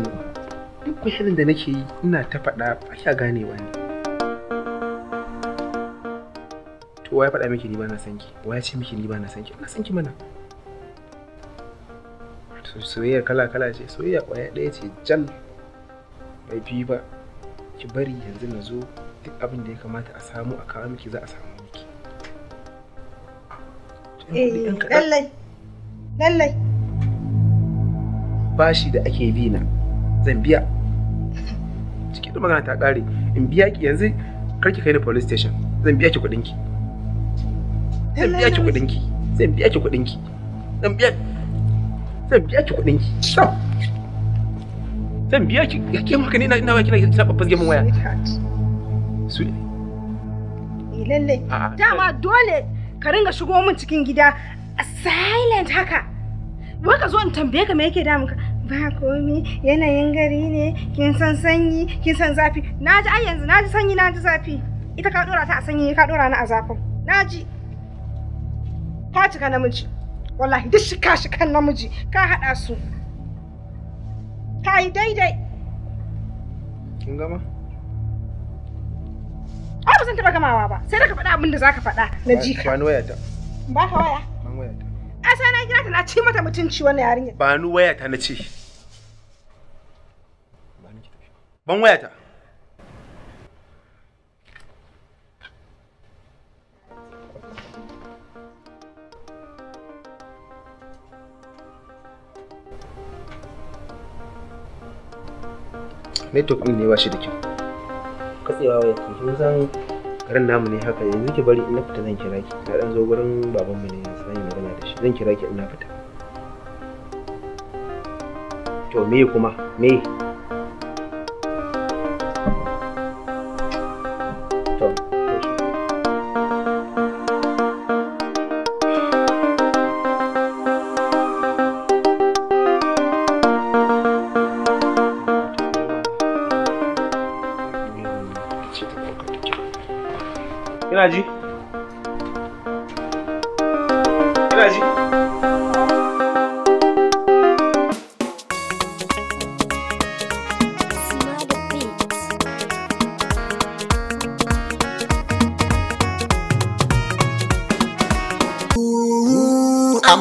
fahimce ni duk bayanin da nake yi ina ta faɗa ba kya gane wani to wai faɗa miki ni ba na san ki wai ce miki ni ba na san ki na san ki mana to soyayya kala kala ce soyayya ƙwaya ɗaya ce jal bai bi ba ki bari yanzu na zo duk abin da ya kamata a samu a kawo miki za a samu miki eh, lallai lallai bashi da ake bi na zan biya ciki da magana ta ƙare in biya ki yanzu karki kai ni police station zan biya ki kuɗin ki zan biya ki kuɗin ki zan biya ki kuɗin ki zan biya zan biya ki kuɗin ki zan biya ki ya ke maka ne ina ina kina kina babbar gemin waya su ne eh, lalle dama dole ka ringa shigo min cikin gida a silent haka wai ka zo in tambaye ka me yake damun ka ba komi yanayin gari ne kin san sanyi kin san zafi naji ai yanzu naji sanyi naji zafi ita ka dora ta a sanyi ka dora ni a zafin naji ka cika namiji wallahi duk shi shi shikan namiji ka hada su ka yi daidai kin gama ai ba zan taɓa gamawa ba sai da ka faɗa abin da zaka faɗa na ji ka ba waya ai sai na gida ta na ci mata mutunci wannan yarinya ba ni waya ta na ce ban waya ta network din ne ba shi da kyau katsewa waya ke kin san garin namu ne haka yanzu ki bari in na fita zan kira ki na dan zo gurin babanmu ne yanzu magana da shi zan kira ki ina fita to me kuma me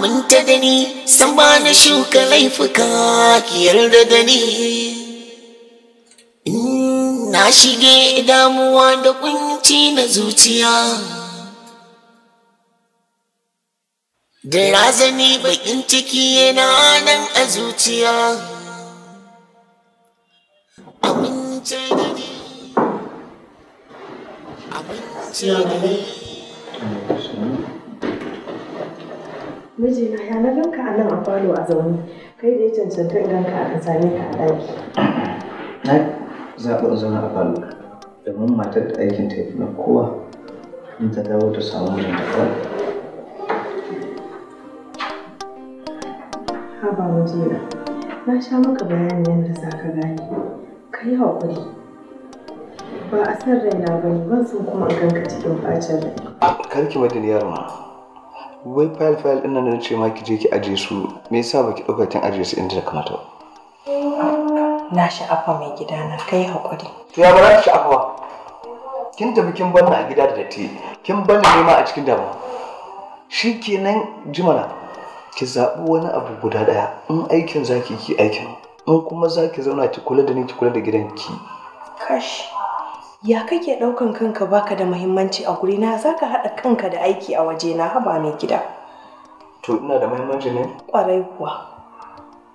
aminta da ni san ba na shuka laifuka ki yarda da ni na shige damuwa da kunci na zuciya da razani bakin ciki yana nan a zuciya amince da ni amince da ni mijina ya na ganka a nan a falo a zaune kai da ya cancanta idan ka a same ka a ɗaki. na zaɓi in zauna a falo domin matar da aikin ta na kowa in ta dawo ta samu mijin ta kawai. haba mijina na sha maka bayanin yadda za ka gane ka yi haƙuri ba a san raina ba ne ban san kuma in ganka cikin ɓacin rai. karki wadda yarma wai fayil-fayil ɗin nan da ce ma ki je ki aje su me yasa ki ɗauka kin aje su inda kamata na sha'afa mai gida na kai hakuri to ya bara sha'afa kin tafi kin banna a gida da datti kin banna ne ma a cikin dama kenan jimana ki zaɓi wani abu guda ɗaya in aikin zaki ki aikin in kuma zaki zauna ki kula da ni ki kula da gidanki kashi ya kake ɗaukan kanka baka da muhimmanci a gurina za ka haɗa kanka da aiki a wajena haba mai gida to ina da muhimmanci ne ƙwarai kuwa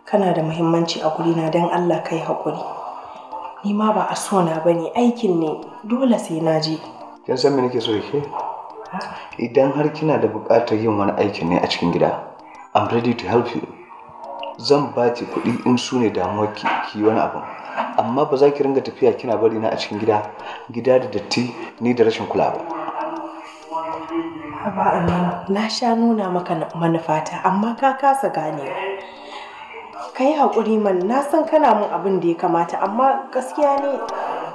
kana da muhimmanci a gurina don allah kai haƙuri ni ma ba a so na ba aikin ne dole sai na je kin san me nake so ke idan har kina da buƙatar yin wani aikin ne a cikin gida i'm ready to help you zan ba ki kuɗi in su ne damuwar ki wani abu amma ba za ki ringa tafiya kina bari na a cikin gida gida da datti ni da rashin kula ba na sha nuna maka manufata amma ka kasa gane. Ka yi haƙuri man na san kana mun abin da ya kamata amma gaskiya ne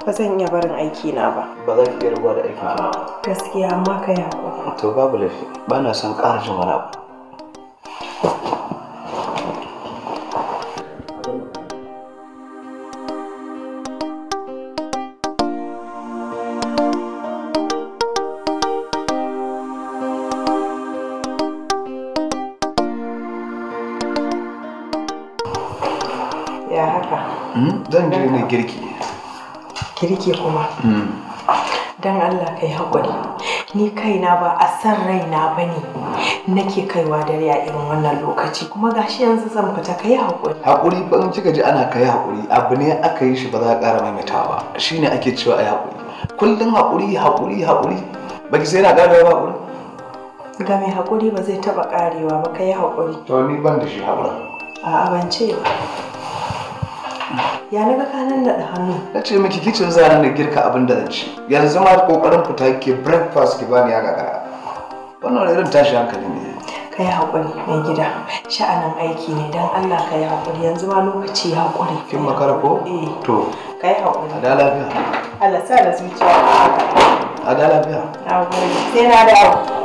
ba zan iya barin aiki na ba. Ba za ki iya rabuwa da aikin ba. Gaskiya amma ka yi To babu laifi ba na son ƙara jin wani abu. zan je ne girki girki kuma hmm. don allah kai haƙuri ni kaina ba a san raina ba ne nake kaiwa dare a irin wannan lokaci kuma gashi yanzu zan fita kai haƙuri haƙuri ban cika ji ana kai haƙuri abu ne aka yi shi ba za a ƙara maimaitawa ba shine ake cewa a yi haƙuri kullum haƙuri haƙuri haƙuri baki sai na gane ba haƙuri ga mai haƙuri ba zai taɓa ƙarewa ba kai haƙuri to ni ban da shi haƙuri a'a ban ce ba ya na ga kanan da hannu na ce miki kicin zanen da girka abin da ci yanzu ma kokarin fita ke breakfast ki bani ya gagara wannan irin tashi hankali ne ka yi haƙuri mai gida sha'anin aiki ne don allah ka yi haƙuri yanzu ma lokaci ya hakuri. kin makara ko eh. to ka yi haƙuri a da lafiya allah sa da zuciya a da lafiya na gode sai na dawo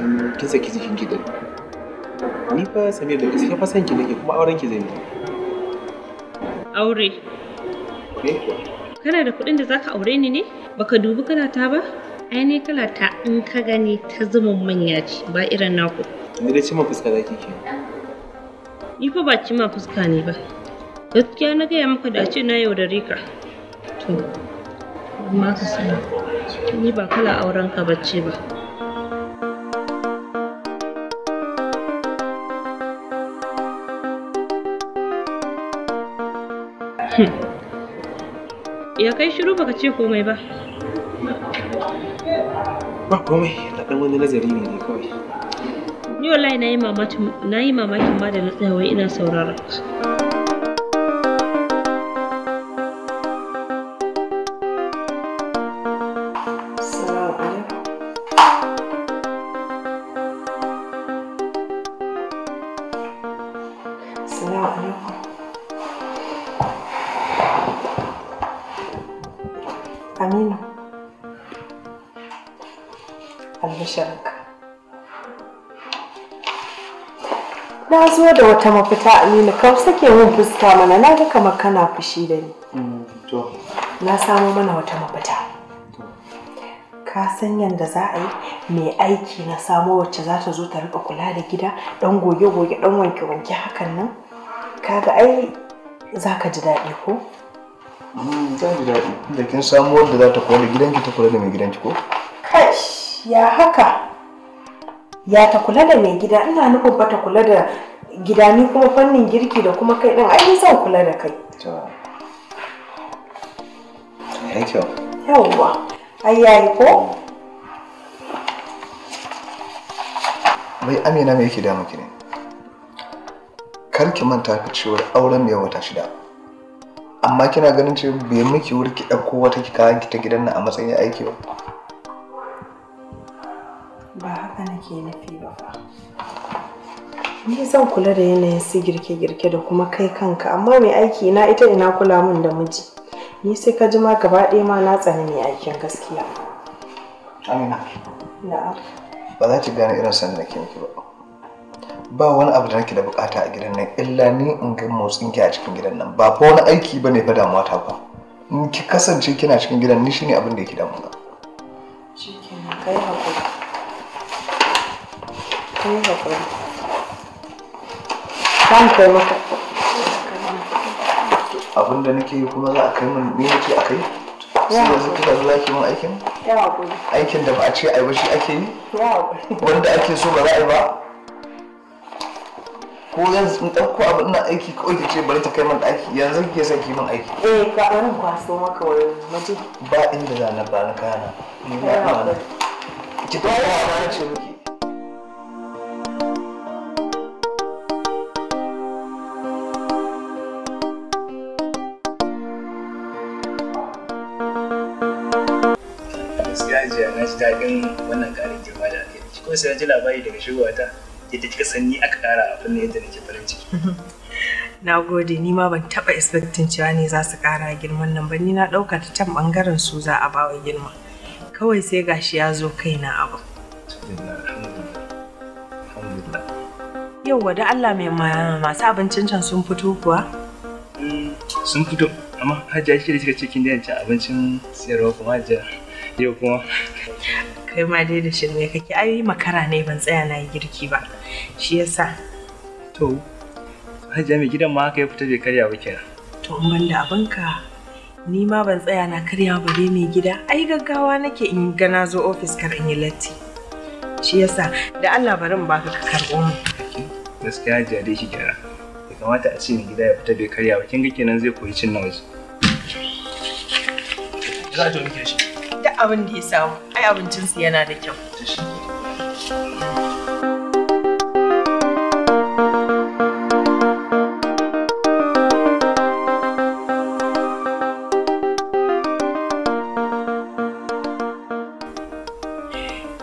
yanzu kin saki jikin ki gari ni fa samir da gaske fa san ki nake kuma auren ki zai yi aure kana da kuɗin da zaka aure ni ne baka dubi kana ta ba ai ne kala ta in ka gani ta zama manya ce ba irin naku ni dai cimma fuska zaki ke ni fa ba cimma fuska ne ba gaskiya na gaya maka da ce na yaudare ka to amma ka sani ni ba kala auren ka bacce ba Ya kai shiru baka ce komai ba. Ba komai, na ɗan wani nazari ne ne kawai. Ni wallahi na yi mamakin ma da na tsaya ina sauraron. zo da wata mafita Aminu kawai sake mun fuska mana na ga kamar kana fushi da ni. Mm, na samo mana wata mafita. Ka san yadda za a yi mai aiki na samo wacce za ta zo ta rika kula da gida don goge-goge don wanke-wanke hakan nan. ka ga ai za ka ji daɗi ko? Mm, za ji daɗi. Da kin samo wadda za ta kula da gidanki ta kula da mai gidanki ko? Kash ya haka. ya ta kula da mai gida ina nufin ba ta kula da gida ni kuma fannin girki da kuma kai din ai zan kula da kai to ai kyau yawwa ai yayi ko wai amina me yake damu ki ne kar ki manta ka cewar auren mai wata shida amma kina ganin ce bai miki wuri ki ɗauko wata ki kayan ki ta gidan nan a matsayin aiki ba ba haka nake nufi ba fa Ni zan kula da yanayin su girke-girke da kuma kai kanka, amma mai aiki na ita ina kula min da miji. Ni sai ka ji ma gaba ɗaya ma na tsani mai aikin gaskiya. Amina. Na'am. Ba za ki gane irin sanin da ke ba. Ba wani abu da nake da bukata a gidan nan illa ni in ga motsin ki a cikin gidan nan. Ba fa wani aiki bane fa damuwa ta ba. In ki kasance kina cikin gidan ni shine abin da yake damuwa. Shikenan kai hakuri. Kai hakuri. maka abin da nake yi kuma za a kai min me nake a kai sai yanzu kika zo zaki mun aikin aikin da ba a ce ai ba shi ake yi wanda ake so ba za a yi ba ko yanzu in ɗauko abu ina aiki kawai ki ce bari ta kai min ɗaki yanzu kike son ki min aiki eh ka bari kwaso maka wani maji ba inda za na ba na kana ni na ba ki ta ba na ce miki yi wannan ƙarin girma da aka yi sai na ji labari daga shigowa ta yadda kika sani aka ƙara abin nan yadda nake farin ciki na gode ni ma ban taba expectin cewa ne za su kara girman nan ba ni na ɗauka ta can bangaren su za a bawa girma kawai sai gashi ya zo kaina abu yauwa da Allah mai masu abincin can sun fito kuwa? Mm, sun fito amma hajji ake da kika ce kin daina abincin sayarwa kuma hajji Yau kuma. Kai ma dai da shirme kake ai makara ne ban tsaya na yi girki ba. Shi yasa. To, Hajiya mai gidan ma haka ya fita bai karya ba kenan. To, in ban da abinka ni ma ban tsaya na karya ba dai mai gida. Ai gaggawa nake in ga na zo ofis kar in yi latti. Shi yasa da Allah barin baka ka karɓo mu. Gaskiya Hajiya dai shi kenan. Ya kamata a ce mai gida ya fita bai karya ba kin ga kenan zai koyi cin na waje. za a to miki da shi duk abin da ya samu ai abincinsu yana da kyau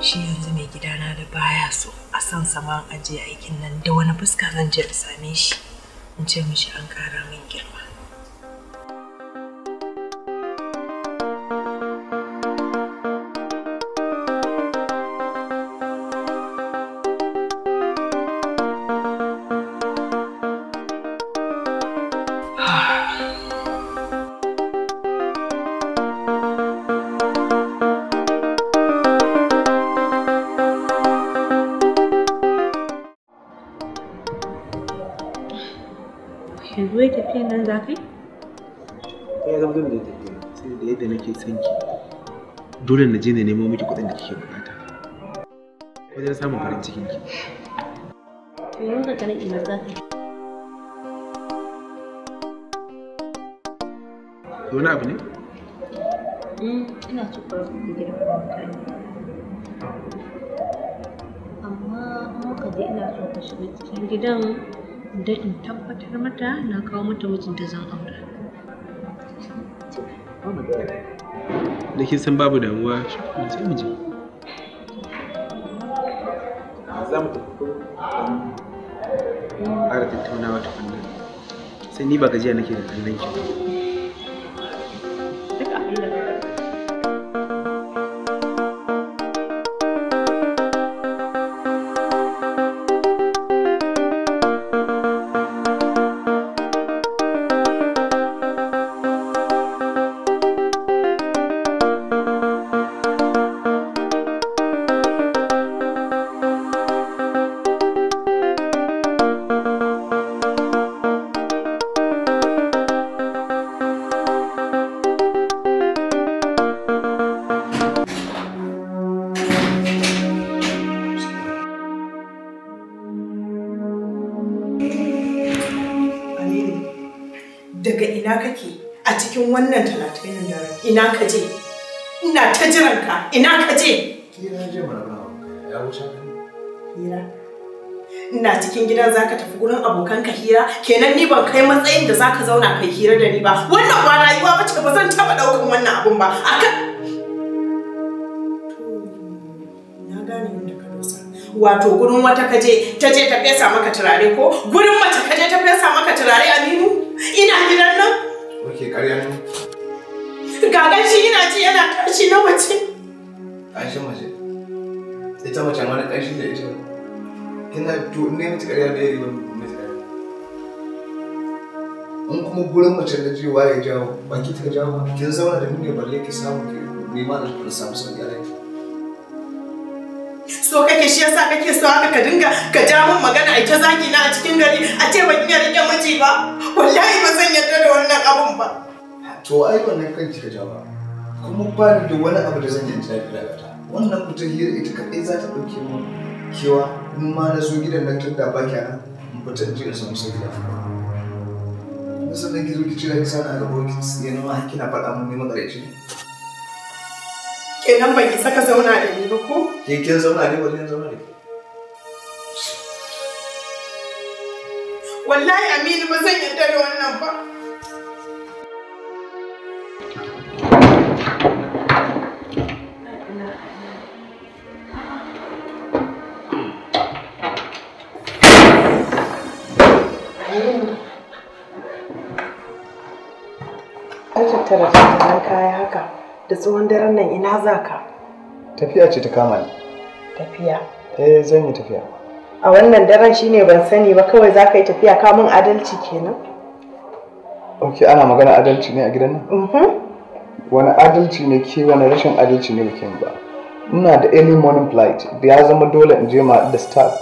shi yanzu mai gidana da baya so a san saman ajiye aikin nan da wani fuska zan je same shi in ce mishi an kara min girma dole na je na nemo miki kuɗin da kike bukata wajen samun farin cikin ki to yanzu ka rage mazafi wani abu ne? Hmm, ina tukar kuɗi gidan amma muka je ina so ka shiga cikin gidan da in tabbatar mata na kawo mata mijinta zan aura. da kin san babu damuwa shi sai mu je za mu ƙara tattaunawa tukunna sai ni ba gajiya nake da kallon ki hira kenan ni ban kai matsayin da zaka zauna kai hira da ni ba wannan ba rayuwa bace ba zan taba daukan wannan abun ba akan na gane inda ka dosa wato gurin wata kaje ta je ta fesa maka turare ko gurin mace kaje ta fesa maka turare Aminu ina gidan nan Oke kariya ne Gagan shi ina ji yana tashi na mace Ƙanshin mace ita mace wani ƙanshin da ita kina to ne mace ƙarya da yayi ba in kuma gurin mace da ji ya jawo baki ta jawo kin zauna da ne balle ki samu ki nema da ku samu sauki a rai so kake shi yasa kake so haka ka dinga ka ja min magana ta zaki na a cikin gari a ce ban iya rike miji ba wallahi ba zan yarda da wannan abun ba to ai wannan kanki ka ja ba kuma ba ni da wani abu da zan ta da rayuwata wannan kuta hira ita kadai za ta dauke mu kewa in ma na zo gidan nan tun da ba kenan in ji jin samu sai a sannan ki zo ki cire kisa na gaba ki tsiye na kina faɗa mun ne magareci ne kenan ban isa zauna da ni ba ko zauna ne wallahi zauna ne wallahi aminu ba zan yarda da wannan ba Oh. Ai tattara tattalin kaya haka da tsohon daren nan ina za ka? Tafiya ce ta kama ni. Tafiya? Eh zan yi tafiya. A wannan daren shine ban sani ba kawai za ka yi tafiya kamun adalci kenan. Ok ana magana adalci ne a gidan nan? Mhm. Wani adalci ne ke wani rashin adalci ne bikin ba. Ina da early morning flight da ya zama dole in je ma da staff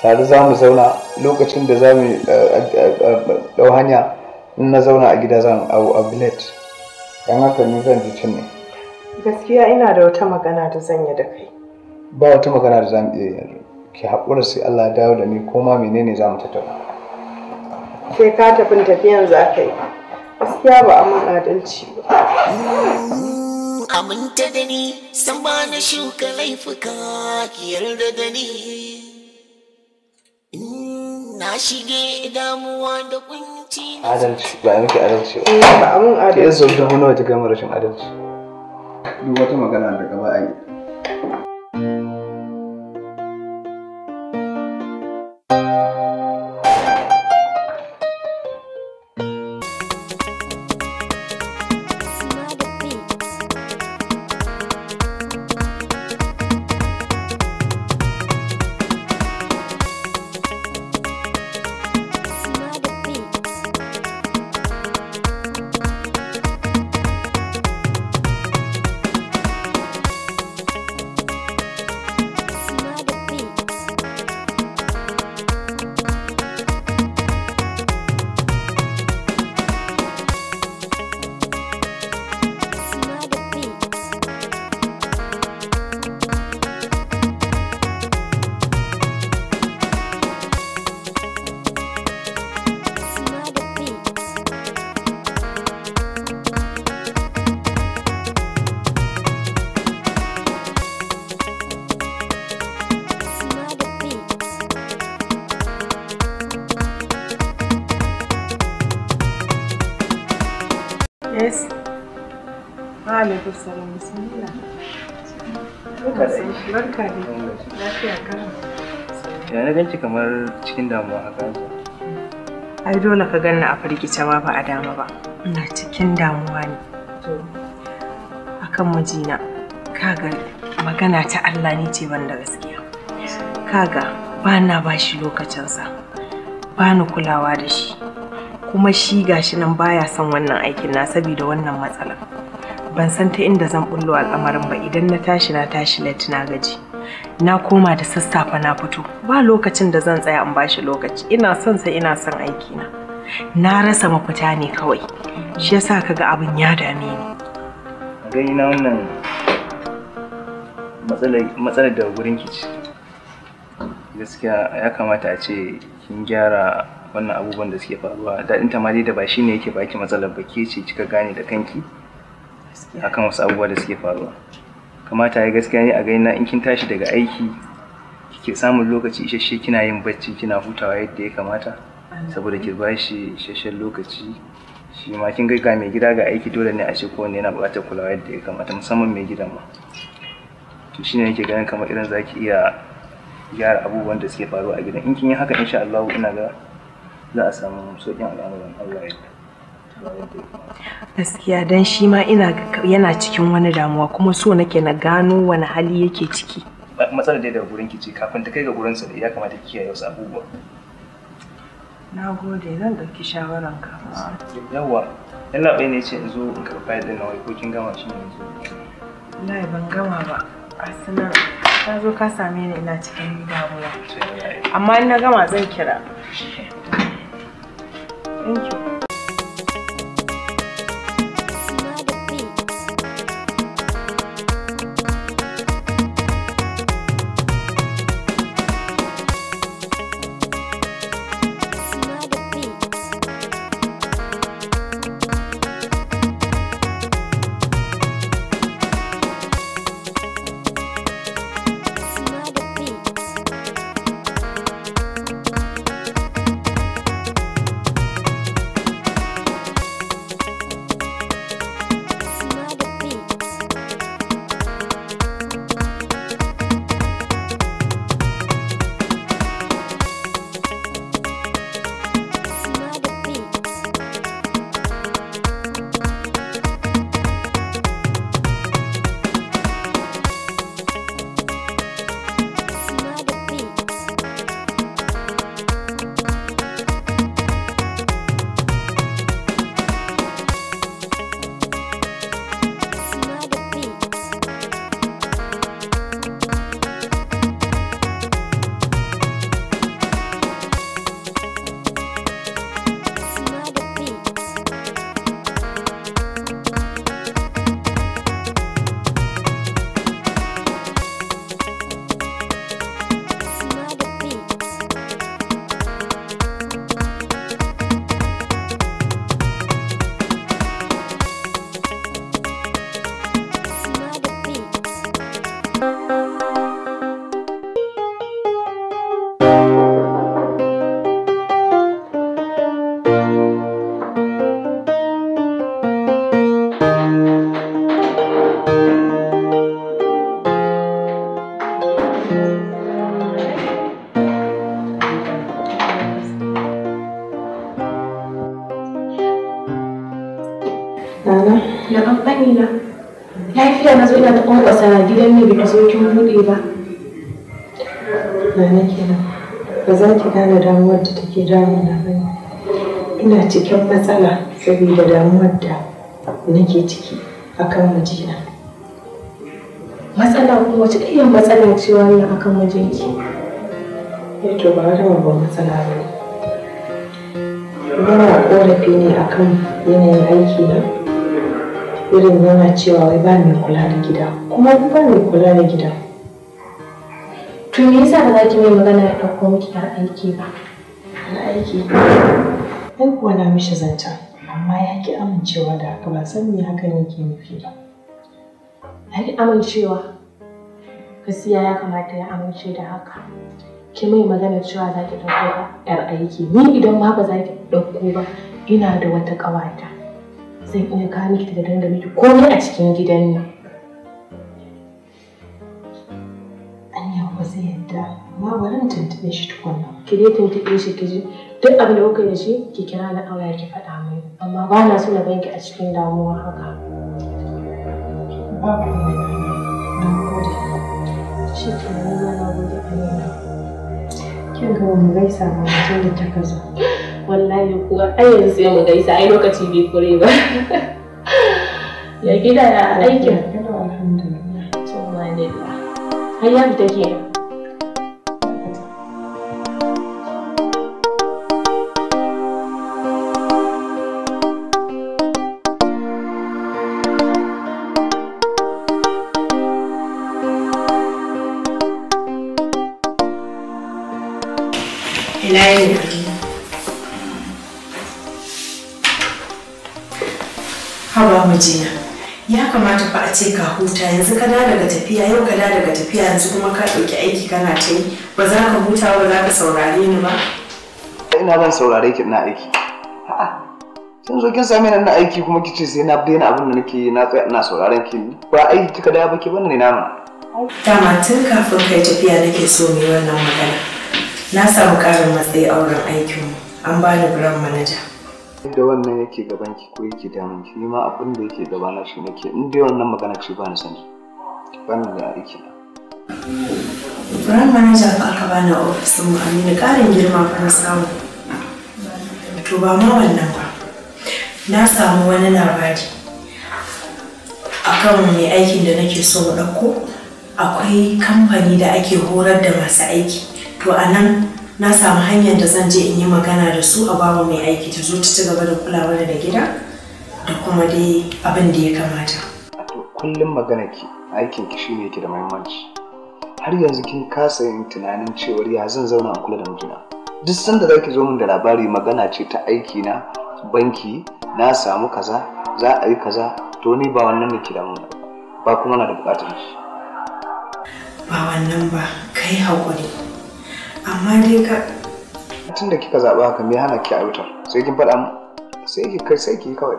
tare za mu zauna lokacin da za mu dau eh, eh, eh, hanya in na zauna a gida zan abu a bilet. don haka ni zan ji cin ne gaskiya ina da wata magana da zan yi da kai ba wata magana da zan iya eh, yanzu ki haƙura sai Allah dawo da ni ko ma menene za mu tattauna sai ka tafi tafiyan za ka yi gaskiya ba amma adalci ba aminta da ni san ba na shuka laifuka ki yarda da ni na shige damuwa da kunya adalci ba miki adalci ba eh, ba amin adalci ke zo dubu gama rashin adalci duk wata magana da gaba a yi Barka lafiya kana. Ya na ganci kamar cikin damuwa haka. Ai dole ka ganni a firgice ma ba a dama ba. Ina cikin damuwa ne. Akan mijina. Kaga magana ta Allah ne ce banda gaskiya. Kaga ba na ba shi lokacinsa. Ba ni kulawa da shi. Kuma shi gashi nan baya son wannan aikin na saboda wannan matsalar. ban san ta inda zan bullo al'amarin ba idan na tashi na tashi late na gaji na koma da sassafe na fito ba lokacin da zan tsaya in bashi lokaci ina son sa ina son aiki na na rasa mafita ne kawai shi yasa kaga abin ya dame ni gani na wannan matsalar da gurin ki ce gaskiya ya kamata a ce kin gyara wannan abubuwan da suke faruwa daɗin ta ma da ba shine yake baki matsalar ba ke ce kika gane da kanki akan wasu abubuwa da suke faruwa kamata ya gaskiya ne a gaina in kin tashi daga aiki kike samun lokaci isasshe kina yin bacci kina hutawa yadda ya kamata saboda ki ba shi isasshen lokaci shi ma kin ga mai gida ga aiki dole ne a ce kowanne yana buƙatar kulawa yadda ya kamata musamman mai gidan ma to shine nake ganin kamar irin zaki iya gyara abubuwan da suke faruwa a gidan in kin yi haka insha Allah ina ga za a samu sauƙin al'amuran Allah ya gaskiya don shi ma ina yana cikin wani damuwa kuma so nake na gano wani hali yake ciki matsalar dai daga gurin ki ce kafin ta kai ga gurin sa ya kamata ki kiyaye wasu abubuwa na gode zan ɗauki shawaran ka yawa yalla bai ne ce in zo in karɓa yadda na wai ko kin gama shi ne yanzu wallahi ban gama ba asinan ka zo ka same ni ina cikin damuwa amma in na gama zan kira thank you Idan ne bai zo kin buɗe ba na nake nan ba za ki gane damuwar da take damuna ba ina cikin matsala saboda damuwar da nake ciki akan mijina matsala kuma wace iya matsala ce wannan akan mijinki ya eh to ba wata babban matsala ba ne Bana ƙorafi ne akan yanayin aiki na irin yana cewa wai ba mai kula da gida kuma ba mai kula da gida to me yasa ba za ki mai magana ya ɗauko miki ɗan aiki ba na aiki ai kuwa na mishi zanta amma ya ki amincewa da haka ba san me hakan yake nufi ba ya ki amincewa gaskiya ya kamata ya amince da haka ki mai magana cewa za ki ɗauko ɗan aiki ni idan ma ba za ki ɗauko ba ina da wata ƙawata zan iya gane ki da dinga miki komai a cikin gidan nan anya ba zai yadda amma bari in tuntuɓe shi tukunna ki dai tuntuɓe shi ki ji duk abin da kuka yi shi ki kira ni aure ki faɗa mai amma ba na so na ganki a cikin damuwa haka ba shi ke nan na gode a yau kin ga mu gaisa ba mutum da ta kaza wallahi kuwa ai yanzu sai mu gaisa ai lokaci bai kure ba ya gida ya aikin alhamdulillah to ma ne har ya fita ce ka huta yanzu ka da daga tafiya yau ka da daga tafiya yanzu kuma ka ɗauki aiki kana ta yi ba za ka huta ba za ka saurare ni ba ina zan saurare ki ina aiki kin zo kin same ni ina aiki kuma kice sai na daina abin da nake yi na tsaya ina sauraren ki ba aiki kika da ba ki bane ne nama dama tun kafin kai tafiya nake so mu wannan magana na samu ƙarin matsayi auren mu, an bani brand manager da wannan yake gaban ki ko yake damun ki ni ma abin da yake gabana shi nake in dai wannan magana ce ba ni sani ban da aiki na Ran manager fa aka bani a ofisin mu Aminu ƙarin girma fa na samu. To ba ma wannan ba. Na samu wani labari akan mai aikin da nake so mu dauko akwai kamfani da ake horar da masu aiki to a nan na samu hanyar da zan je in yi magana da su a babu mai aiki ta zo ta ci gaba da kulawa da gida da kuma dai abin da ya kamata. To kullum magana ki aikin ki shi ne ki da muhimmanci. Har yanzu kin kasa yin tunanin cewar ya zan zauna a kula da mijina. Duk sanda zaki zo min da labari magana ce ta aiki na banki na samu kaza za a yi kaza to ni ba wannan ne ke mun ba kuma na da bukatar shi. Ba wannan ba kai haƙuri. amma dai ka tun da kika zaɓa haka me hana ki aiwatar sai kin faɗa mu sai ki kai sai ki kawai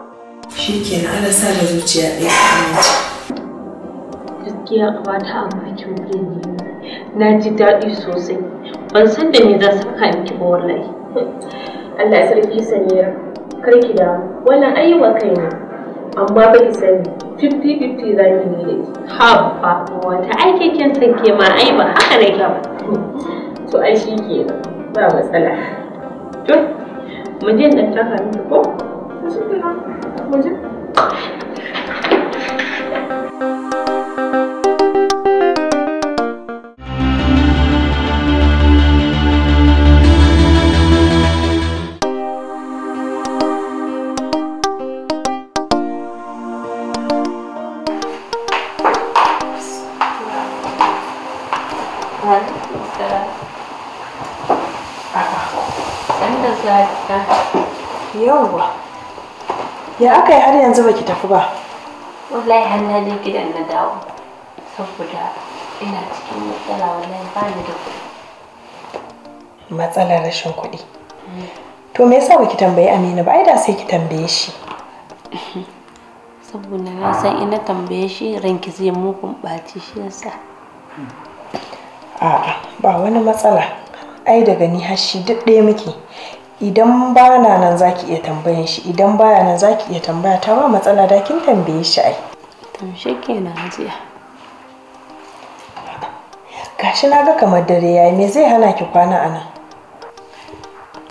shi ke na ala sa da zuciya ɗaya ta amince gaskiya ba ta amakin ne na ji daɗi sosai ban san da me za su ka miki ba wallahi Allah sarki samira kar ki da wannan ayyuka kai ne amma ba ki sani 50-50 za ki ne da ha ba wata kin sanke ma ai ba haka nake ba to ai shi ke ba matsala tun mu je dan ta hannu ko shi ke mu je ya aka yi har yanzu baki tafi ba wallahi har na ne gidan na dawo saboda ina cikin matsala wallahi ba ni da kuɗi matsalar rashin kuɗi hmm. to me yasa baki tambayi Aminu ba ai da sai ki tambaye shi saboda na san ina tambaye shi ranki zai mugun ɓaci shi yasa a'a ba wani matsala ai daga ni har shi duk ɗaya muke idan ba na nan za ki iya tambayan shi idan ba na nan za ki iya tambaya ta ba matsala da kin tambaye shi ai to shi jiya. hajiya gashi na ga kamar dare yayi me zai hana ki kwana a nan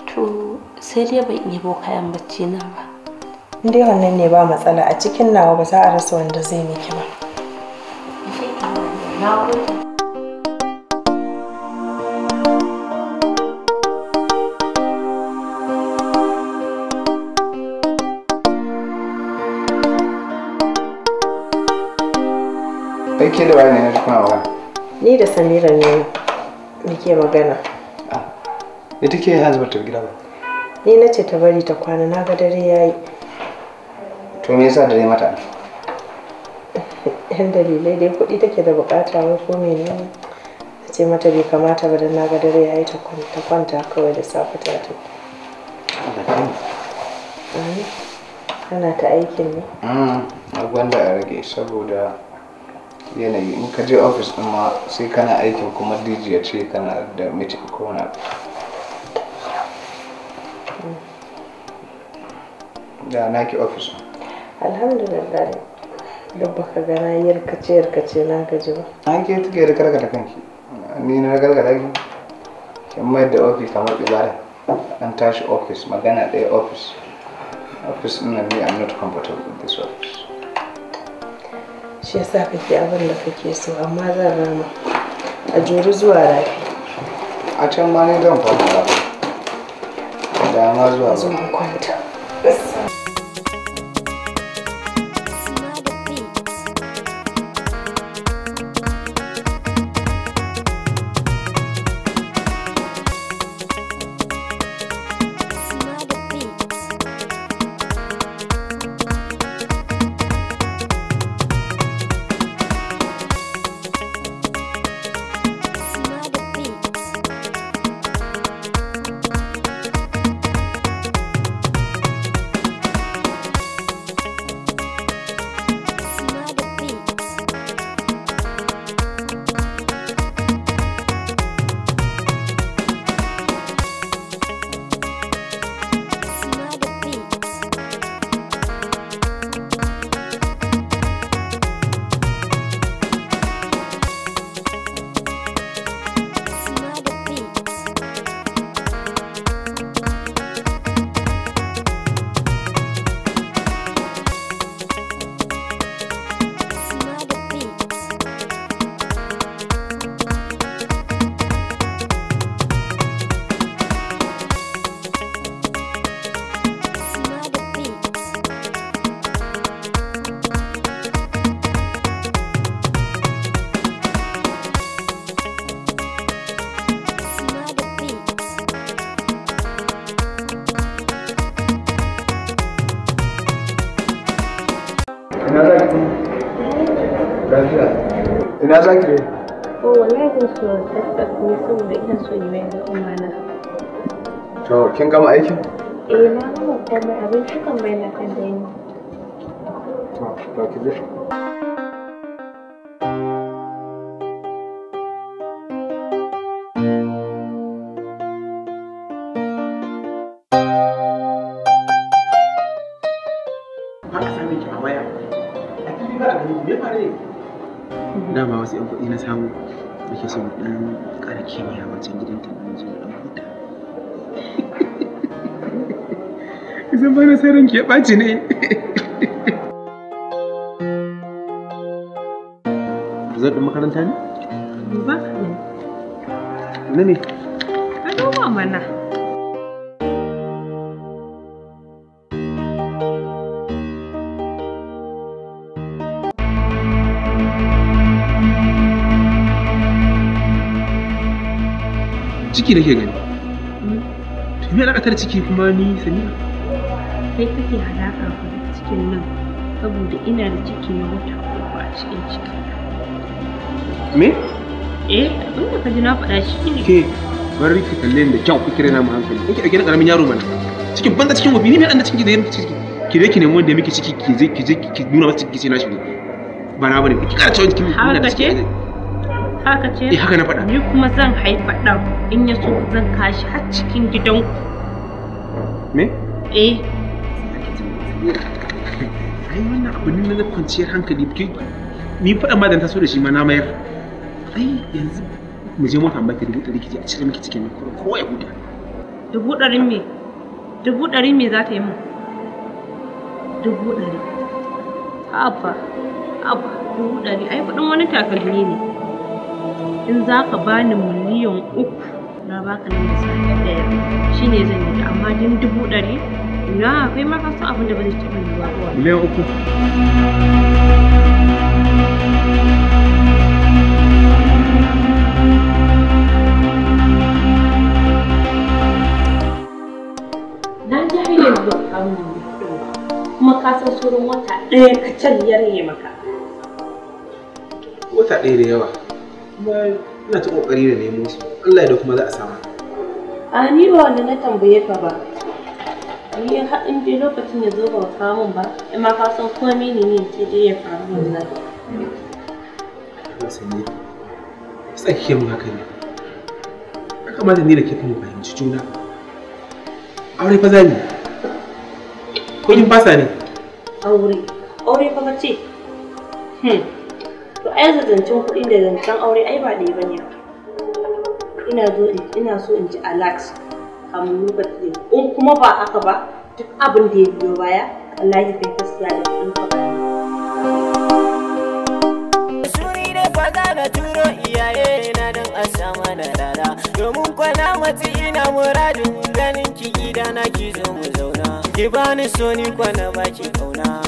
to sai dai ban iya bo kayan bacci na ba in dai wannan ne ba matsala a cikin nawa ba za a rasa wanda zai miki ba na you. da wani na kuma wa ni da samira ne muke magana ah, ita ke yanzu ba ta gida ba ni na ce ta bari ta kwana na ga dare yayi to me yasa dare mata yan dalilai dai kuɗi take da bukata wai ko menene Nace ce mata bai kamata ba don na ga dare yayi ta kwanta kawai da safe ta ta ana ta aikin ne mm, a gwanda a rage saboda yanayi in ka je ofis din ma sai kana aikin kuma dj ya ce kana da mitin ko wani abu da naki ofis alhamdulillah da baka gana yarkace yarkace na gaji ba an ke tuke da karkata kanki ni na da ki kin mai da ofis kamar ibada an tashi ofis magana ɗaya ofis ofis ina ne i'm not comfortable with this office shi yasa kake abin da kake so amma zan rama a jori zuwa rafi a can ma ne zan fara da ma zuwa zuwa kwanta Lafiya. Ina za ki ne? Oh, wallahi so tsatsak saboda ina so yi mai To, kin gama aikin? Eh, na gama komai abinci kan bai na kan dai. To, to ki dama wasu 'yan kuɗi na samu nake so ɗan ƙara kimiyya a wajen gidan ta ɗan jin ɗan huta. Isan ba na sai ranki ya ɓaci ne. Zan ɗin makaranta ne? Ba. Na ne? Ka mana. ciki nake gani to me alaƙa da ciki kuma ni sani. kai kake alaƙa da cikin nan saboda ina da ciki na wata uku a cikin ciki me eh abin da ka ji na faɗa shi ne ke bari ki kalle da kyau ki kire na mu hankali kike da gidan karamin yaro mana cikin banda cikin wabi ni me an da cikin da yake ciki ki dai ki nemi wanda yake miki ciki ki je ki je ki nuna masa ciki sai na shi ba na bane ki kara cewa cikin da ciki haka ce eh haka na faɗa ni kuma zan haifa ɗan in ya so zan kashi har cikin gidan me eh ai wannan abu ne na kwanciyar hankali ni ma da shi ma na mayar ai yanzu mu je mota baki dubu ɗari kije a cire miki cikin ko ya huta dubu me dubu me za ta yi min dubu ɗari haba haba dubu ɗari ai kuɗin wani takalmi ne in za ka bani miliyan uku na ba ka na misali ɗaya shi ne zan yi amma din dubu ɗari na kai ma ka san abin da ba zai taɓa yiwuwa ba miliyan uku na ji a kamun kuma ka wata ɗaya kacal ya rage maka wata ɗaya da yawa kuma ina ta kokari da nemo su Allah ya da kuma za a samu a ni ba wanda na tambaye ka ba ni ya haɗu da lokacin ya zo ba kawo min ba in ma ka san komai ne ne ke da ya faru wallahi ba sanye sai ke mun haka ne ya kamata ni da ke kuma fahimci juna aure fa zani ko kin fasa ne aure aure fa ce hmm ai zancen kuɗi da zancen aure ai ba ɗaya bane ina zo ina so in ji alax kamun lokaci in kuma ba haka ba duk abin da ya biyo baya Allah ya kai gaskiya da kuɗin ka turo iyaye na dan a da na domin kwana mati ina muradin ganin ki gida na ki zo mu zauna ki bani so ni kwana baki kauna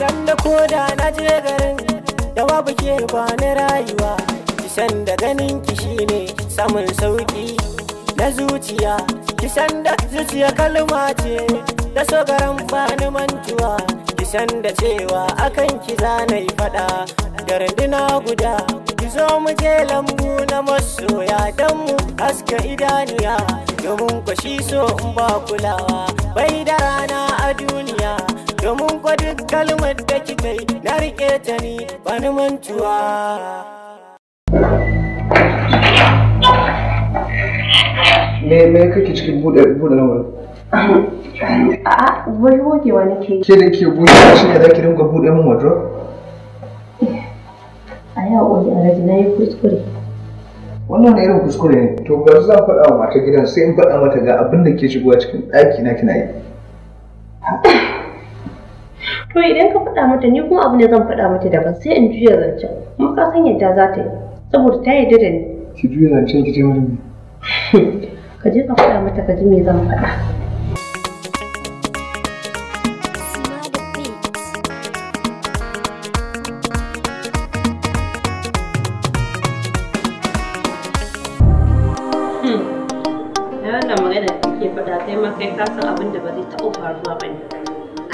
sanda koda na je garin da babu ke ba ni rayuwa kisan da ganin ki shine samun sauki na zuciya kisan da zuciya kalma ce da so garan ni mantuwa kisan da cewa akan ki zanai fada da runduna guda ki zo mu je lambu na masoya dan mu aske idaniya domin shi so in ba kulawa bai da rana a duniya domin kwa kalmar da kika yi na rike ta ni bani mantuwa. me me kake cikin bude bude wani? a wai gogewa nake ke da ke bude shi ne zaki dinga bude min wadro? a yau wani alaji na yi kuskure wannan irin kuskure ne to ba za faɗa wa mata gidan sai in faɗa mata ga abin da ke shigowa cikin ɗaki na kina yi to idan ka faɗa mata ni kuma abu ne zan faɗa mata daban sai in juya zancen kuma ka san yadda za ta yi saboda ta yarda da ni ki juya zancen ki ce mata ka je ka faɗa mata ka ji me zan faɗa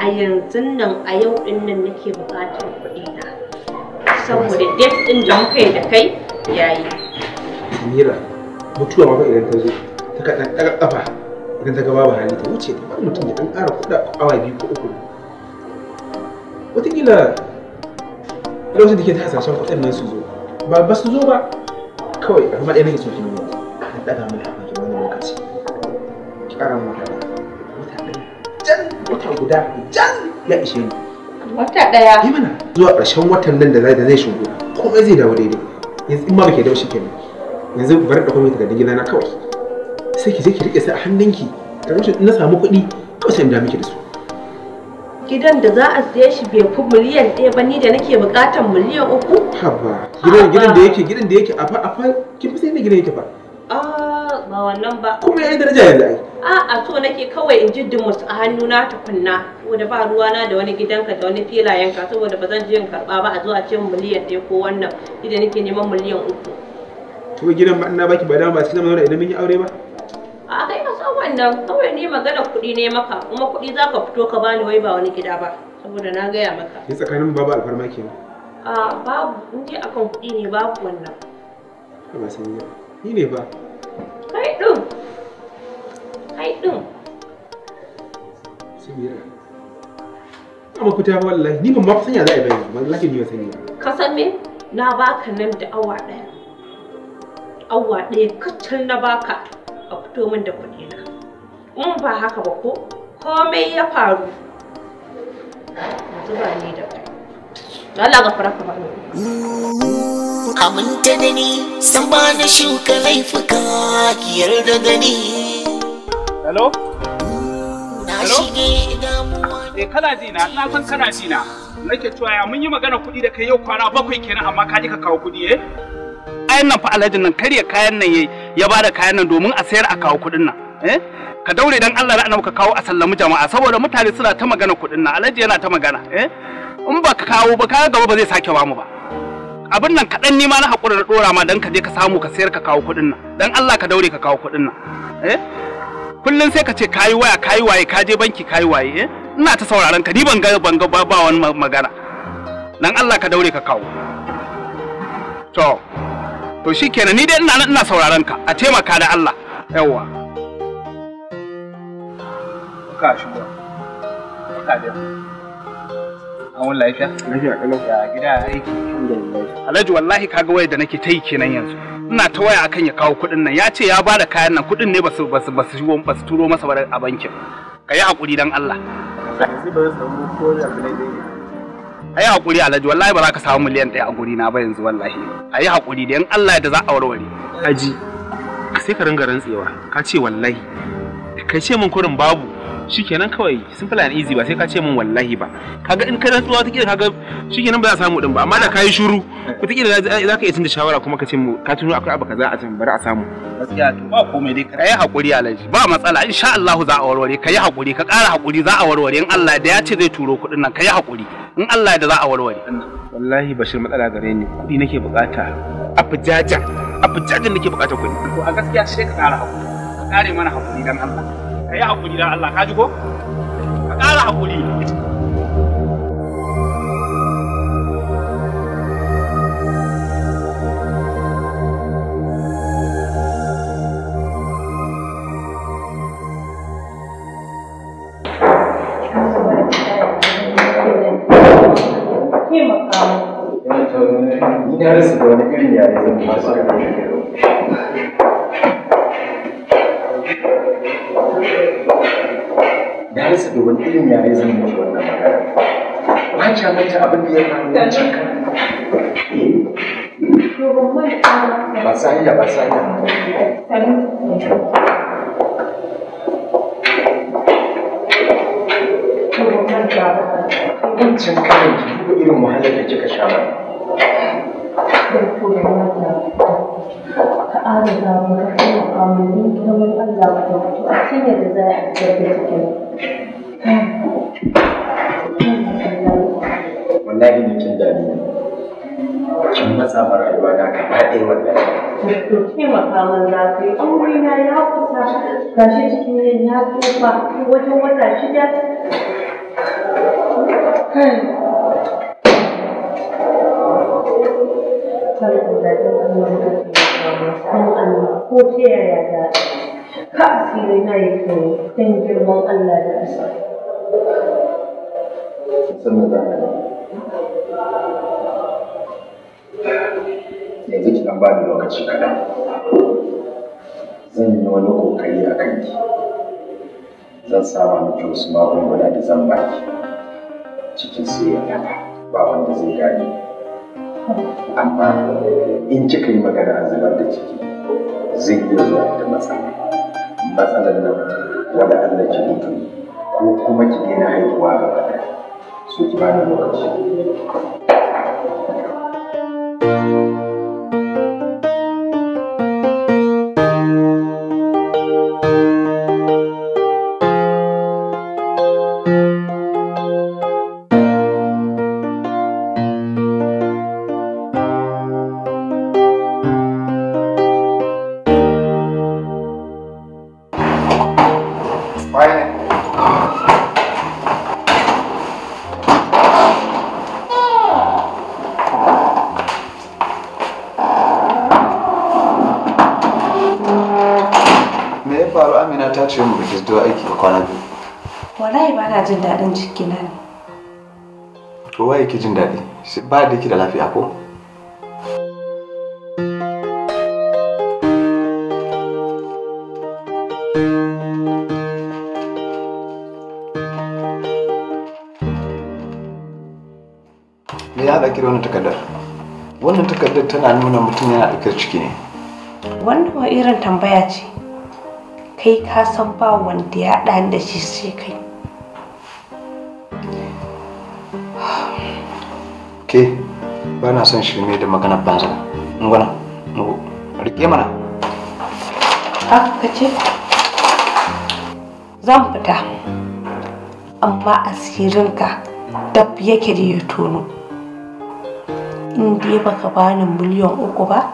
a yanzu nan a yau din nan nake buƙatar kuɗi na saboda date din da muka yi da kai yayi mira mutuwa ma idan ta zo ta ka dan ɗaga ƙafa idan ta ga babu hali ta wuce ta bar mutum ya dan ƙara kuɗa awa biyu ko uku wataƙila lokacin da ke ta hasashen kuɗin nan su zo ba ba su zo ba kawai a kuma ɗaya nake so ki nuna ta ɗaga mana a wani lokaci ki ƙara mana wata guda jan ya ishe ni wata daya yi mana zuwa ƙarshen watan nan da zai da zai shigo komai zai dawo daidai yanzu in ma ba ke da shi kenan yanzu bari da komai daga gidana kawai sai ki je ki rike su a hannunki da rashin na samu kuɗi kawai sai in da miki da su gidan da za a siya shi bai fi miliyan ɗaya ba ni da nake buƙatar miliyan uku haba gidan da yake gidan da yake a fa kin fi sai da gidan yake fa ah ba wannan ba kuma yi daraja yanzu ai a a so nake kawai in jiddin musu a hannuna tukunna saboda ba ruwana da wani gidanka da wani filayenka saboda ba zan je in karba ba a zo a ce miliyan ɗaya ko wannan idan nake neman miliyan uku to gidan ma ina baki ba dama ba sai na idan mun yi aure ba a kai ka san wannan kawai ne magana kuɗi ne maka kuma kuɗi za ka fito ka bani wai ba wani gida ba saboda na gaya maka ni tsakanin babu alfarma ne. a babu in akan kuɗi ne babu wannan ba san ni ne ba Kai ɗin. Kai ɗin. Samira. Amma ku ta wallahi ni ban ma sanya za a yi bayani wallahi ni ba sani Ka san me? Na baka nan da awa ɗaya. Awa kacal na baka a fito min da kuɗi na. In ba haka ba ko komai ya faru. zuba ba ni da kai. Allah ga fara ka ba ni. aminta da ni san ba na shuka laifuka ki yarda da ni hello hello eh kana ji na ina san kana ji na nake cewa ya mun yi magana kuɗi da kai yau kwana bakwai kenan amma ka ji ka kawo kuɗi eh kayan nan fa alhaji nan karya kayan nan yayi ya bada kayan nan domin a sayar a kawo kuɗin nan eh ka daure dan Allah ra'ana ka kawo a sallamu jama'a saboda mutane suna ta magana kuɗin nan alhaji yana ta magana eh in ba ka kawo ba ka gaba ba zai sake ba mu ba abin nan kaɗan ni ma na haƙura da ɗora ma don ka je ka samu ka sayar ka kawo kuɗin nan don Allah ka daure ka kawo kuɗin nan eh kullum sai ka ce kayi waya kayi waye ka je banki kayi waye eh ina ta sauraron ka ni ban ga ban ga ba wani magana dan Allah ka daure ka kawo to to shikenan ni dai ina ina sauraron ka a taimaka da Allah yawa ka ba ka da an lafiya lafiya kalau ya gida aiki alhaji wallahi kaga wayar da nake ta yi kenan yanzu ina ta waya akan ya kawo kuɗin nan ya ce ya ba da kayan nan kuɗin ne basu basu basu basu turo masa ba a bankin ka yi hakuri dan Allah a yi hakuri alhaji wallahi ba za ka samu miliyan ɗaya a guri na ba yanzu wallahi a yi hakuri da yan Allah da za a warware aji sai ka ringa rantsewa ka ce wallahi Ka ce min kurin babu shikenan kawai simple and easy ba sai ka ce min wallahi ba kaga in ka rantsuwa ta kira kaga shikenan ba za samu din ba amma da kai shiru ta kira za ka iya tunda shawara kuma ka ce mu ka tuno akwai abu kaza a can bari a samu gaskiya to ba komai dai kai hakuri alaji ba matsala insha Allah za a warware kai hakuri ka ƙara hakuri za a warware in Allah da ya ce zai turo kuɗin nan kai hakuri in Allah da za a warware wallahi bashir matsala gare ni kuɗi nake bukata a fujajen a fujajen nake bukata kuɗi to a gaskiya sai ka ƙara hakuri ka ƙare mana hakuri dan Allah yi haƙuri dan Allah ka ji ko ka ƙara haƙuri Ni rasa da wani irin yare zan ba Ya rasa da wani irin yare zan yi wannan magana ba ki abin da ya faru da eh. ba sahiya ba sahiya wancan karin ki duba irin wahalar da kika sha ba ka ka kuma kamar yin kamar Allah ka wallahi ni kin dami kin matsa ma rayuwa na ka faɗe wallahi to taimaka min za ka yi aure na ya kusa gashi cikin yin ya tsufa wajen wata shida Allah muka taimaka ko yaya ka na yi kone girman Allah yanzu ki dan bani lokaci kaɗan zan yi wani kokari a kanki zan sama miki wasu magunguna da zan baki cikin soyayya ba wanda zai gani amma in kika yi magana a zubar da ciki zai iya zuwa da matsala matsalar nan wanda Allah ki mutu ko kuma ki daina haihuwa gaba ɗaya so ki bani lokaci fito aiki a kwana biyu wallahi ba na jin daɗin na ne to waye ki jin daɗi ba da ki da lafiya ko me ya haɗa ki takardar wannan takardar tana nuna mutum yana ɗaukar ciki ne wannan irin tambaya ce kai ka san ba wanda ya haɗa da shi sai kai ke ba na son shirme da magana banza ngwana rike mana ha ka ce zan fita amma asirinka dab yake da ya tono in dai baka bani miliyan uku ba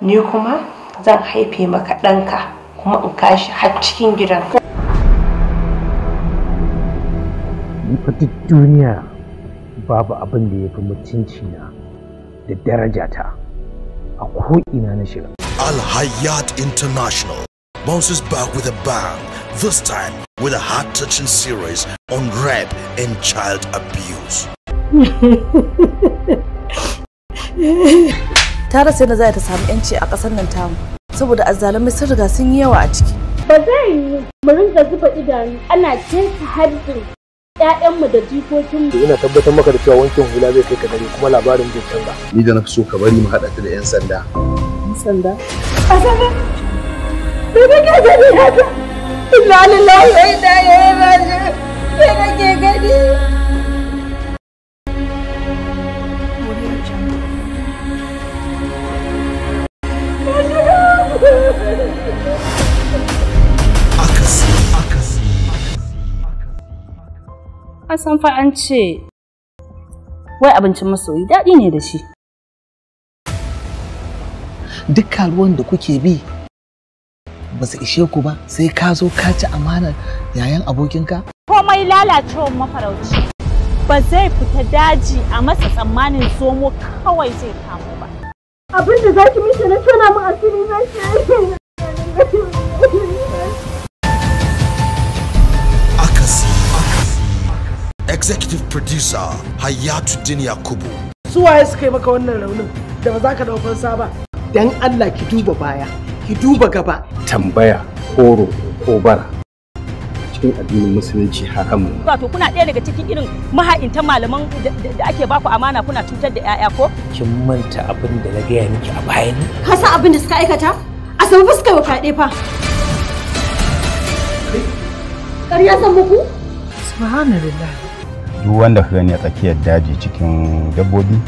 ni kuma zan haife maka ɗanka kuma in kashi har cikin gidan fa duk duniya babu abin da ya fi mutunci na da darajata a ko'ina na shiga al hayat international bounces back with a bang this time with a heart-touching series on rape and child abuse tara sai na za ta samu 'yanci a ƙasar nan tamu saboda azzalumai sun riga sun yi yawa a ciki ba zai yi mu rinka zuba idanu ana kesa harbin ƴaƴanmu da mu. ina tabbatar maka da cewa wankin hula zai kai ka gari kuma labarin bai canza ni da na fi so ka bari mu haɗa ta da 'yan sanda 'yan sanda a sanda me kake gani haka inna lillahi wa inna ilaihi raji'un me kake gani an san fa an ce wai abincin masoyi daɗi ne da shi Dukkan ruwan da kuke bi ba su ishe ku ba sai ka zo ka ci amanar yayan abokinka komai lalacewar mafarauci ba zai fita daji a masa tsammanin zomo kawai zai kamo ba abin da za ki mishi na tona mu asiri na shi executive producer hayatu Dini yakubu su waye suka yi maka wannan raunin da ba za ka ɗaukar sa ba dan allah ki duba baya ki duba gaba tambaya koro ko bara cikin addinin musulunci haram wato kuna ɗaya daga cikin irin maha'inta malaman da ake baku amana kuna cutar da 'ya'ya ko kin manta abin da na gaya miki a bayan ka san abin da suka aikata a samu fuskar wa kaɗe fa ƙarya san muku subhanallah duk wanda ka gani a tsakiyar daji cikin dabbobi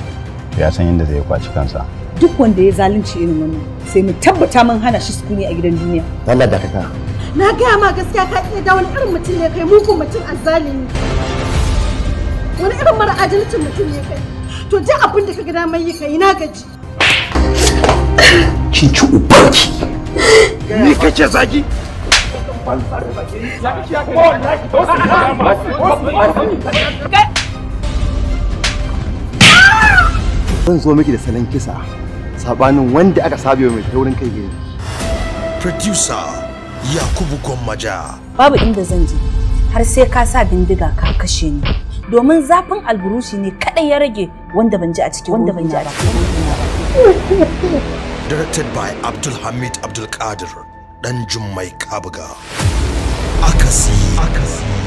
ya san yadda zai kwaci kansa duk wanda ya zalunci irin wannan sai mu tabbata mun hana shi sukuni a gidan duniya Allah da kaka na gaya ma gaskiya ka iya da wani irin mutum ne kai mugun mutum azzalimi wani irin mara adalcin mutum ne kai to duk abin da ka gida mai yi kai na gaji kin ci ubanki ni kace zagi Zan zo miki da salon kisa sabanin wanda aka sabewa mai taurin kai gari. Producer Yakubu Gwammaja. Babu inda zan je har sai ka sa bindiga ka kashe ni. Domin zafin alburushi ne kaɗai ya rage wanda ban ji a cikin wanda ban ji a cikin. Directed by Abdulhamid Abdulkadir. dan jummai Kabga, akasi akasi